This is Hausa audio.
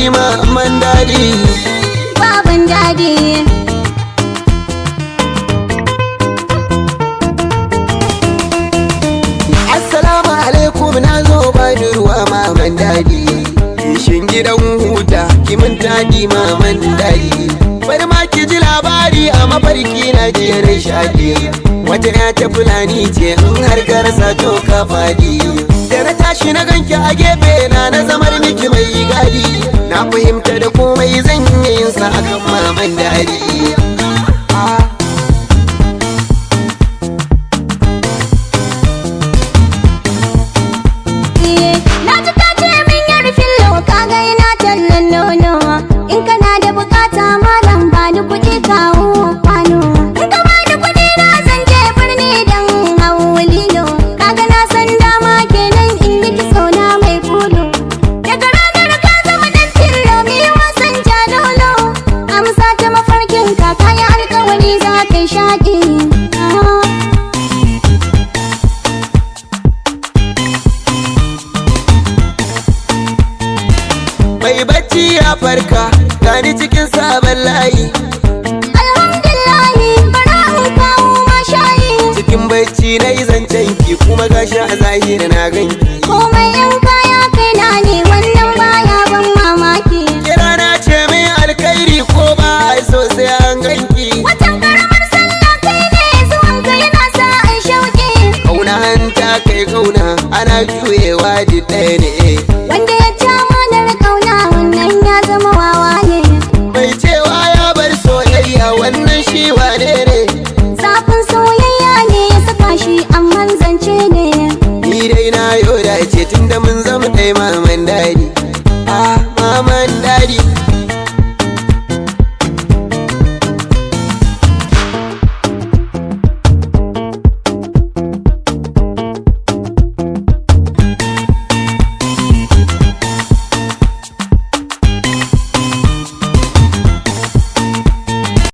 Halima man daɗi. Baban daɗi. Assalamu alaikum na zo ba ni ruwa maman daɗi. Kishin gidan huta kimin daɗi maman daɗi. Bari ma ki ji labari a mafarki na jiya nishaɗi. Wata ya ta fulani ce in har ka rasa to ka faɗi. Da na tashi na ganki a gefe na na zamar miki mai gadi A fahimta da komai zan yi yin sa akan maman dadi Mai bacci ya farka gani cikin sabon layi Alhamdulillahi barahu kawo mashayi Cikin bacci na yi zancen ki kuma gashi a zahiri na ganki Komai yan ana juyewa da ɗaya ne eh. wanda ya ci amanar ƙauna wannan ya zama wawa ne mai cewa ya bar soyayya wannan shi wane ne zafin soyayya ne ya saka shi amman zance ne ni dai na yau da ce tunda mun zama ɗaya mamaye